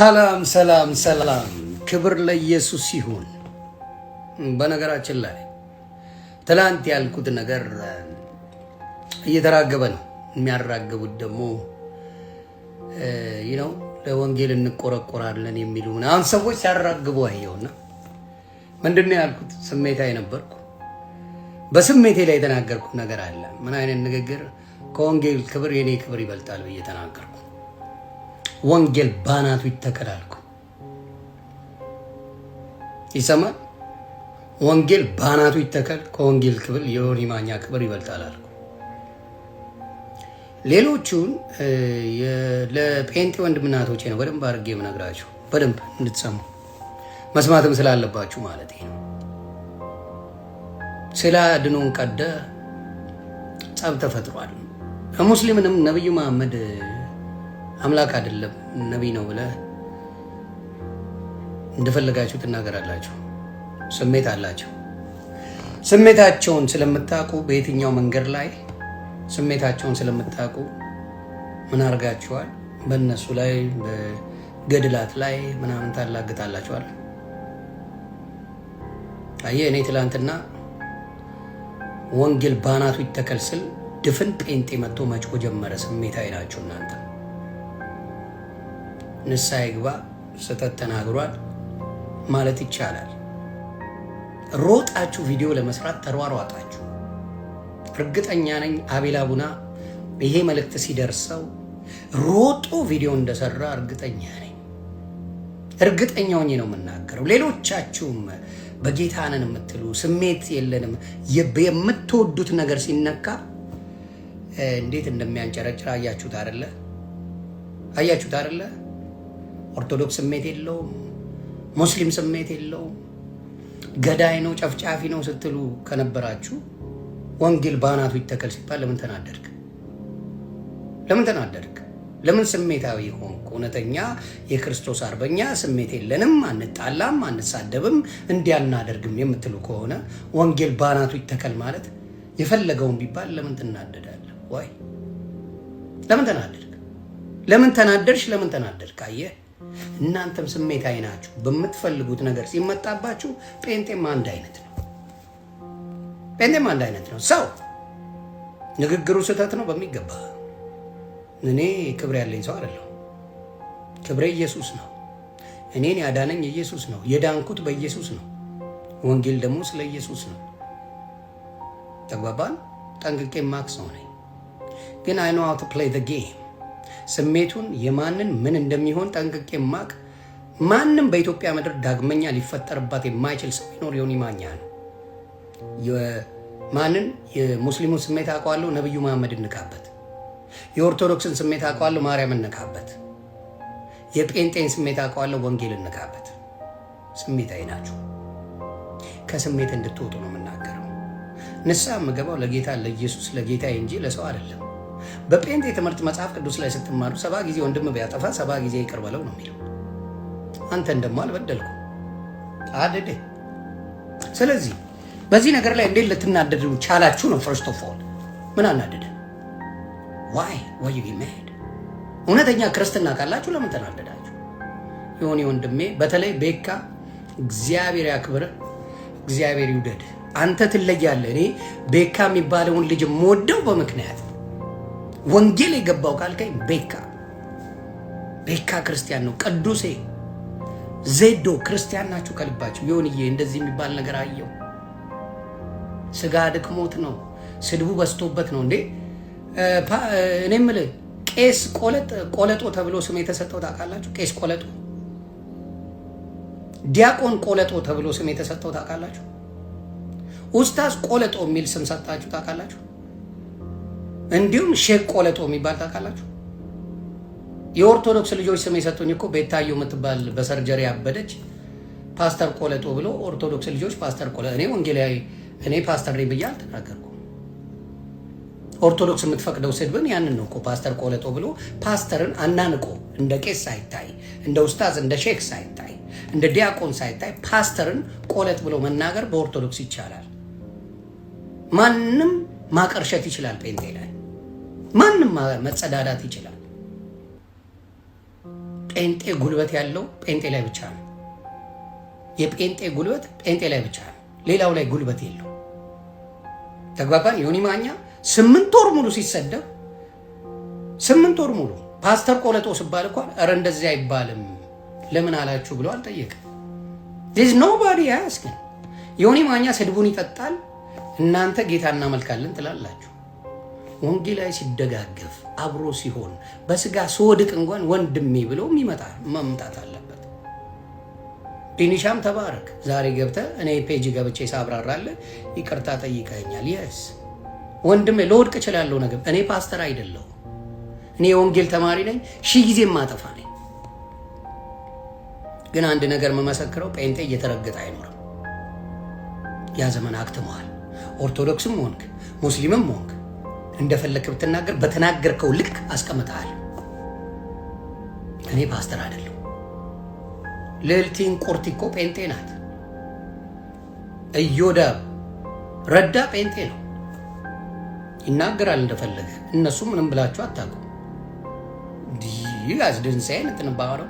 ሰላም ሰላም ሰላም፣ ክብር ለኢየሱስ ይሁን። በነገራችን ላይ ትላንት ያልኩት ነገር እየተራገበ ነው። የሚያራግቡት ደግሞ ነው ለወንጌል እንቆረቆራለን የሚሉ ምናምን ሰዎች ሲያራግቡ አየውና ምንድን ያልኩት? ስሜታዊ ነበርኩ። በስሜቴ ላይ የተናገርኩት ነገር አለ። ምን አይነት ንግግር? ከወንጌል ክብር የኔ ክብር ይበልጣል ብዬ ተናገርኩ። ወንጌል ባናቱ ይተከላልኩ ይሰማል። ወንጌል ባናቱ ይተከል፣ ከወንጌል ክብል የዮኒ ማኛ ክብር ይበልጣል አልኩ። ሌሎቹን ለጴንጤ ወንድምናቶቼ ነው በደንብ አድርጌ የምነግራችሁ በደንብ እንድትሰሙ መስማትም ስላለባችሁ ማለት ነው። ስለ አድኖን ቀደ ጸብ ተፈጥሯል። ከሙስሊምንም ነቢዩ መሐመድ አምላክ አይደለም ነቢይ ነው ብለህ እንደፈለጋችሁ ትናገራላችሁ። ስሜት አላቸው። ስሜታቸውን ስለምታውቁ በየትኛው መንገድ ላይ ስሜታቸውን ስለምታውቁ ምን አድርጋችኋል? በእነሱ ላይ በገድላት ላይ ምናምን ታላግጣላችኋል። አየህ እኔ ትላንትና ወንጌል ባናቱ ይተከል ስል ድፍን ጴንጤ መጥቶ መጮ ጀመረ። ስሜታዊ ናችሁ እናንተ ንሳ ይግባ። ስህተት ተናግሯል ማለት ይቻላል። ሮጣችሁ ቪዲዮ ለመስራት ተሯሯጣችሁ። እርግጠኛ ነኝ አቤላ ቡና ይሄ መልእክት ሲደርሰው ሮጦ ቪዲዮ እንደሰራ እርግጠኛ ነኝ። እርግጠኛ ሆኜ ነው የምናገረው። ሌሎቻችሁም በጌታንን የምትሉ ስሜት የለንም የምትወዱት ነገር ሲነካ እንዴት እንደሚያንጨረጭር አያችሁት አይደለ? አያችሁት አይደለ? ኦርቶዶክስ ስሜት የለውም፣ ሙስሊም ስሜት የለውም። ገዳይ ነው ጨፍጫፊ ነው ስትሉ ከነበራችሁ ወንጌል በአናቱ ይተከል ሲባል ለምን ተናደድክ? ለምን ተናደድክ? ለምን ስሜታዊ ሆንክ? እውነተኛ የክርስቶስ አርበኛ ስሜት የለንም፣ አንጣላም፣ አንሳደብም፣ እንዲህ አናደርግም የምትሉ ከሆነ ወንጌል በአናቱ ይተከል ማለት የፈለገውን ቢባል ለምን ትናደዳለህ? ወይ ለምን ተናደድክ? ለምን ተናደድሽ? ለምን ተናደድክ? አየህ እናንተም ስሜታዊ ናችሁ። በምትፈልጉት ነገር ሲመጣባችሁ፣ ጴንጤም አንድ አይነት ነው። ጴንጤም አንድ አይነት ነው። ሰው ንግግሩ ስህተት ነው በሚገባ እኔ ክብር ያለኝ ሰው አይደለሁ። ክብሬ ኢየሱስ ነው። እኔን ያዳነኝ ኢየሱስ ነው። የዳንኩት በኢየሱስ ነው። ወንጌል ደግሞ ስለ ኢየሱስ ነው። ተግባባን። ጠንቅቄ ማክስ ሆነኝ ግን አይ ኖ ሃው ቱ ፕሌይ ዘ ጌም ስሜቱን የማንን ምን እንደሚሆን ጠንቅቄ ማቅ ማንም በኢትዮጵያ ምድር ዳግመኛ ሊፈጠርባት የማይችል ሰው ቢኖር ዮኒ ማኛ ነው። ማንን የሙስሊሙን ስሜት አውቀዋለሁ፣ ነቢዩ መሐመድ እንካበት። የኦርቶዶክስን ስሜት አውቀዋለሁ፣ ማርያም እንካበት። የጴንጤን ስሜት አውቀዋለሁ፣ ወንጌል እንካበት። ስሜት አይናችሁ ከስሜት እንድትወጡ ነው የምናገረው። ንስሐ የምገባው ለጌታ ለኢየሱስ ለጌታ እንጂ ለሰው አይደለም። በጴንጤ ትምህርት መጽሐፍ ቅዱስ ላይ ስትማሩ ሰባ ጊዜ ወንድም ቢያጠፋ ሰባ ጊዜ ይቅር በለው ነው የሚለው። አንተን ደግሞ አልበደልኩ አደደ። ስለዚህ በዚህ ነገር ላይ እንዴት ልትናደዱ ቻላችሁ ነው? ፈርስት ኦፍ ኦል ምን አናደደ? ዋይ ወይ መሄድ እውነተኛ ክርስትና ካላችሁ ለምን ተናደዳችሁ? የሆነ ወንድሜ በተለይ ቤካ እግዚአብሔር ያክብር፣ እግዚአብሔር ይውደድ። አንተ ትለያለህ። እኔ ቤካ የሚባለውን ልጅ የምወደው በምክንያት ወንጌል የገባው ካልከኝ ቤካ ቤካ ክርስቲያን ነው። ቅዱሴ ዜዶ ክርስቲያን ናችሁ ከልባችሁ። ይሁንዬ እንደዚህ የሚባል ነገር አየው። ስጋ ድክሞት ነው፣ ስድቡ በዝቶበት ነው። እንዴ እኔ ምል ቄስ ቆለጥ ቆለጦ ተብሎ ስም የተሰጠው ታውቃላችሁ? ቄስ ቆለጦ፣ ዲያቆን ቆለጦ ተብሎ ስም የተሰጠው ታውቃላችሁ? ኡስታዝ ቆለጦ የሚል ስም ሰጣችሁ ታውቃላችሁ? እንዲሁም ሼክ ቆለጦ የሚባል ታውቃላችሁ? የኦርቶዶክስ ልጆች ስም የሰጡኝ እኮ ቤታዩ የምትባል በሰርጀሪ ያበደች ፓስተር ቆለጦ ብሎ ኦርቶዶክስ ልጆች ፓስተር ቆለጦ። እኔ ወንጌላዊ እኔ ፓስተር ነኝ ብዬ አልተናገርኩም። ኦርቶዶክስ የምትፈቅደው ስድብን ያንን ነው እኮ ፓስተር ቆለጦ ብሎ ፓስተርን አናንቆ እንደ ቄስ ሳይታይ እንደ ውስታዝ እንደ ሼክ ሳይታይ እንደ ዲያቆን ሳይታይ ፓስተርን ቆለጥ ብሎ መናገር በኦርቶዶክስ ይቻላል። ማንም ማቀርሸት ይችላል ጴንጤ ላይ። ማንም መጸዳዳት ይችላል። ጴንጤ ጉልበት ያለው ጴንጤ ላይ ብቻ ነው። የጴንጤ ጉልበት ጴንጤ ላይ ብቻ ነው። ሌላው ላይ ጉልበት የለው። ተግባባን። ዮኒ ማኛ ስምንት ወር ሙሉ ሲሰደብ ስምንት ወር ሙሉ ፓስተር ቆለጦ ሲባል እንኳን ኧረ እንደዚህ አይባልም ለምን አላችሁ ብሎ አልጠየቅም። ዝ ኖባዲ አያስክን ዮኒ ማኛ ስድቡን ይጠጣል። እናንተ ጌታ እናመልካለን ትላላችሁ። ወንጌላዊ ሲደጋገፍ አብሮ ሲሆን በስጋ ስወድቅ እንኳን ወንድሜ ብለውም ይመጣ መምጣት አለበት። ቢኒሻም ተባረክ። ዛሬ ገብተ እኔ ፔጅ ገብቼ ሳብራራለ ይቅርታ ጠይቀኛል። የስ ወንድሜ ለወድቅ እችላለሁ። ነገር እኔ ፓስተር አይደለሁም። እኔ የወንጌል ተማሪ ነኝ። ሺህ ጊዜ ማጠፋ ነኝ። ግን አንድ ነገር መመሰክረው ጴንጤ እየተረገጠ አይኖርም። ያ ዘመን አክትመዋል። ኦርቶዶክስም ሆንክ ሙስሊምም ሆንክ እንደፈለክ ብትናገር በተናገርከው ልክ አስቀምጠሃል። እኔ ፓስተር አይደለሁ። ልዕልቲን ቁርት እኮ ጴንጤ ናት። እዮዳ ረዳ ጴንጤ ነው፣ ይናገራል እንደፈለገ። እነሱ ምንም ብላችሁ አታውቁም። ይህ አስድንሳይ ንትንባረው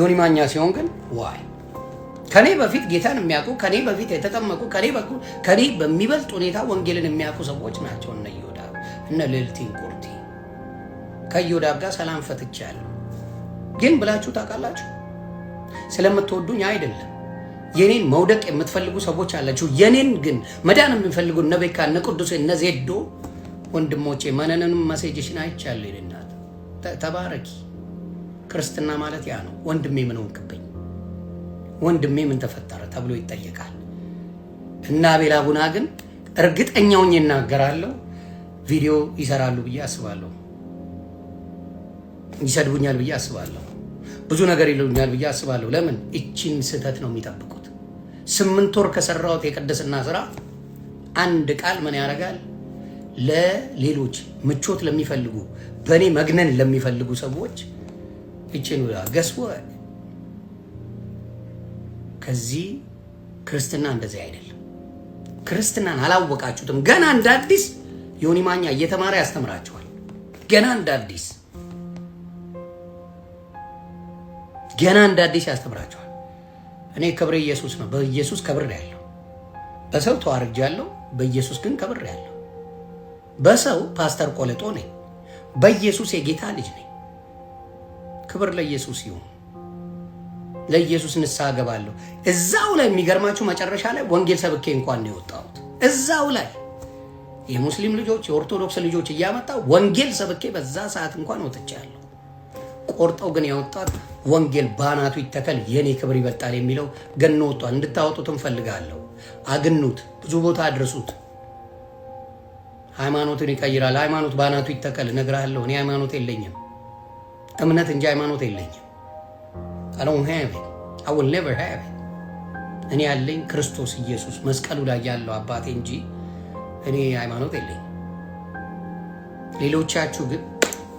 ባረው ማኛ ሲሆን ግን ዋይ ከኔ በፊት ጌታን የሚያውቁ ከኔ በፊት የተጠመቁ ከኔ ከኔ በሚበልጥ ሁኔታ ወንጌልን የሚያውቁ ሰዎች ናቸው። እነ ዮዳ እነ ልዕልቲን ቁርቲ ከዮዳብ ጋር ሰላም ፈትቻለሁ። ግን ብላችሁ ታውቃላችሁ? ስለምትወዱኝ አይደለም። የኔን መውደቅ የምትፈልጉ ሰዎች አላችሁ። የኔን ግን መዳን የሚፈልጉ እነ ቤካ፣ እነ ቅዱሴ፣ እነ ዜዶ ወንድሞቼ መነንንም መሴጅሽን አይቻለሁ ይልናት ተባረኪ። ክርስትና ማለት ያ ነው። ወንድሜ ምን ሆንክብኝ? ወንድሜ ምን ተፈጠረ ተብሎ ይጠየቃል። እና አቤል አቡና ግን እርግጠኛውን ይናገራለሁ። ቪዲዮ ይሰራሉ ብዬ አስባለሁ። ይሰድቡኛል ብዬ አስባለሁ። ብዙ ነገር ይሉኛል ብዬ አስባለሁ። ለምን እቺን ስህተት ነው የሚጠብቁት? ስምንት ወር ከሰራሁት የቅድስና ስራ አንድ ቃል ምን ያደርጋል? ለሌሎች ምቾት ለሚፈልጉ በእኔ መግነን ለሚፈልጉ ሰዎች እቺን ገስወ ከዚህ ክርስትና እንደዚህ አይደለም። ክርስትናን አላወቃችሁትም። ገና እንደ አዲስ ዮኒ ማኛ እየተማረ ያስተምራችኋል። ገና እንደ አዲስ ገና እንደ አዲስ ያስተምራችኋል። እኔ ክብሬ ኢየሱስ ነው። በኢየሱስ ከብር ያለው በሰው ተዋርጅ ያለው በኢየሱስ ግን ከብር ያለው በሰው ፓስተር ቆለጦ ነኝ፣ በኢየሱስ የጌታ ልጅ ነኝ። ክብር ለኢየሱስ ይሁን። ለኢየሱስ ንስሐ ገባለሁ። እዛው ላይ የሚገርማችሁ መጨረሻ ላይ ወንጌል ሰብኬ እንኳን ነው የወጣሁት። እዛው ላይ የሙስሊም ልጆች የኦርቶዶክስ ልጆች እያመጣ ወንጌል ሰብኬ በዛ ሰዓት እንኳን ወጥቻለሁ። ቆርጠው ግን ያወጣት ወንጌል ባናቱ ይተከል የኔ ክብር ይበልጣል የሚለው ገኖ ወጥቷል። እንድታወጡት እንፈልጋለሁ። አግኑት፣ ብዙ ቦታ አድርሱት። ሃይማኖትን ይቀይራል። ሃይማኖት ባናቱ ይተከል እነግርሃለሁ። እኔ ሃይማኖት የለኝም እምነት እንጂ ሃይማኖት የለኝም። I don't have it. I will never have it. እኔ ያለኝ ክርስቶስ ኢየሱስ መስቀሉ ላይ ያለው አባቴ እንጂ እኔ ሃይማኖት የለኝ። ሌሎቻችሁ ግን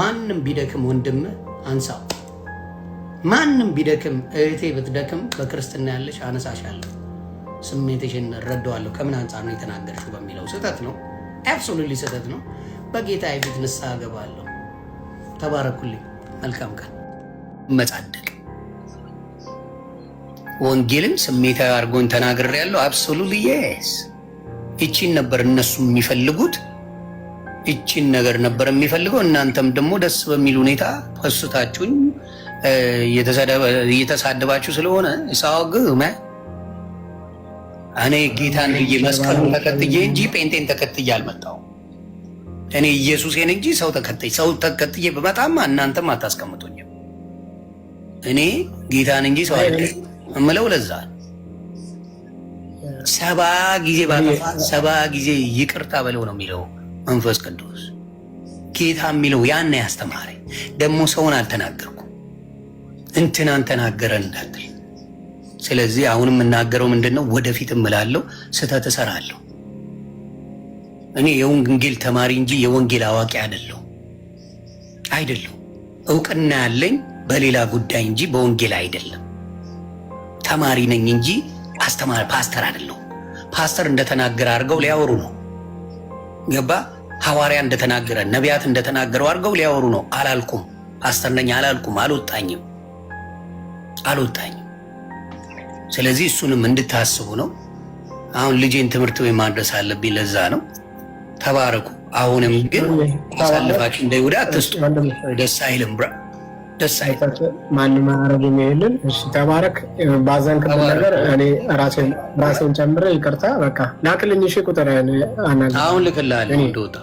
ማንም ቢደክም ወንድም አንሳው፣ ማንም ቢደክም እህቴ ብትደክም በክርስትና ያለሽ አነሳሻለሁ፣ ስሜትሽን እረዳዋለሁ። ከምን አንጻር ነው የተናገርሽው በሚለው ስህተት ነው። አብሶሉትሊ ስህተት ነው። በጌታ ፊት ንስሐ እገባለሁ። ተባረኩልኝ። መልካም ቀን መጻደቅ ወንጌልን ስሜታዊ አድርጎን ተናግሬ ያለው አብሶሉት የስ እቺን ነበር እነሱ የሚፈልጉት፣ እቺን ነገር ነበር የሚፈልገው። እናንተም ደግሞ ደስ በሚል ሁኔታ ፈሱታችሁኝ እየተሳደባችሁ ስለሆነ ሳወግ እኔ ጌታን ብዬ መስቀሉን ተከትዬ እንጂ ጴንጤን ተከትዬ አልመጣው። እኔ ኢየሱሴን እንጂ ሰው ተከትዬ ሰው ተከትዬ በመጣማ እናንተም አታስቀምጡኝም። እኔ ጌታን እንጂ ሰው እምለው ለዛ ሰባ ጊዜ ባጠፋ ሰባ ጊዜ ይቅርታ በለው ነው የሚለው መንፈስ ቅዱስ ጌታ የሚለው ያን ያስተማሪ ደግሞ ሰውን አልተናገርኩ እንትናን ተናገረ እንዳትል። ስለዚህ አሁን የምናገረው ምንድን ነው? ወደፊት እምላለሁ፣ ስህተት እሰራለሁ። እኔ የወንጌል ተማሪ እንጂ የወንጌል አዋቂ አይደለሁ አይደለሁ። እውቅና ያለኝ በሌላ ጉዳይ እንጂ በወንጌል አይደለም። ተማሪ ነኝ እንጂ አስተማሪ ፓስተር አይደለሁ። ፓስተር እንደተናገረ አድርገው ሊያወሩ ነው። ገባ ሐዋርያ እንደተናገረ ነቢያት እንደተናገረው አድርገው ሊያወሩ ነው። አላልኩም፣ ፓስተር ነኝ አላልኩም። አልወጣኝም አልወጣኝም። ስለዚህ እሱንም እንድታስቡ ነው። አሁን ልጄን ትምህርት ቤት ማድረስ አለብኝ። ለዛ ነው። ተባረኩ። አሁንም ግን አሳልፋችሁ እንደ ይሁዳ አትስጡ። ደስ አይልም ብራ ደስ አይልም። ማንም አያረግም። የሚሄልን እሺ፣ ተባረክ። ባዘንክበት ነገር እኔ ራሴን ራሴን ጨምሬ ይቅርታ። በቃ ላክልኝ። እሺ፣ ቁጥር አሁን ልክልሃለሁ። እንደወጣ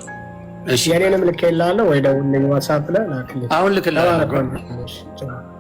እሺ፣ የኔንም ልክ የላለሁ ወይ ደውልልኝ፣ ዋትሳፕ ላይ ላክልኝ። አሁን ልክልሃለሁ።